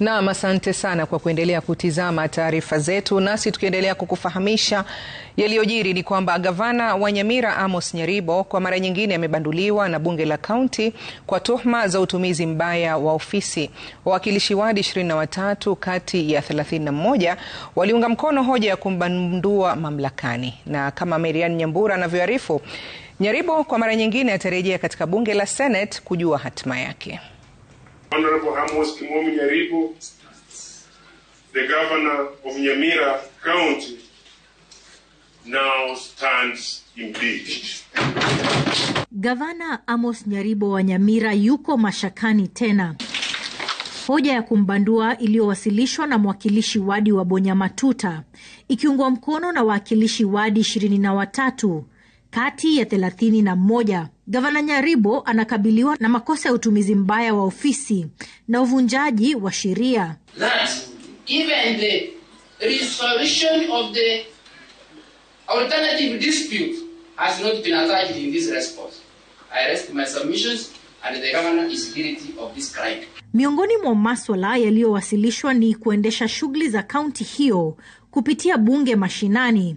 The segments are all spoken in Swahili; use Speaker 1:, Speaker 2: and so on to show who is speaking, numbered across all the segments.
Speaker 1: Naam, asante sana kwa kuendelea kutizama taarifa zetu, nasi tukiendelea kukufahamisha yaliyojiri ni kwamba gavana wa Nyamira Amos Nyaribo kwa mara nyingine amebanduliwa na bunge la kaunti kwa tuhuma za utumizi mbaya wa ofisi. Wawakilishi wadi 23 kati ya 31 waliunga mkono hoja ya kumbandua mamlakani, na kama Marian Nyambura anavyoarifu, Nyaribo kwa mara nyingine atarejea katika bunge la Senate kujua hatima yake.
Speaker 2: Honorable Amos Kimomi Nyaribu, the governor of Nyamira County, now stands impeached.
Speaker 1: Gavana Amos Nyaribo wa Nyamira yuko mashakani tena. Hoja ya kumbandua iliyowasilishwa na mwakilishi wadi wa Bonya Matuta ikiungwa mkono na wawakilishi wadi ishirini na watatu kati ya thelathini na moja Gavana Nyaribo anakabiliwa na makosa ya utumizi mbaya wa ofisi na uvunjaji wa sheria. Miongoni mwa maswala yaliyowasilishwa ni kuendesha shughuli za kaunti hiyo kupitia bunge mashinani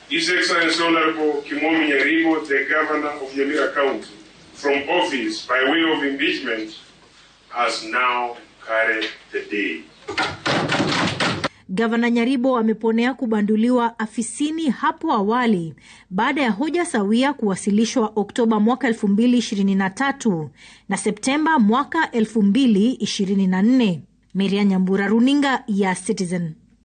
Speaker 2: His Excellency Honorable Kimomi Nyaribo, the Governor of Nyamira County, from office by way of impeachment, has now carried the day.
Speaker 1: Gavana Nyaribo ameponea kubanduliwa afisini hapo awali baada ya hoja sawia kuwasilishwa Oktoba mwaka 2023 na Septemba mwaka 2024. Meria Nyambura, runinga ya Citizen.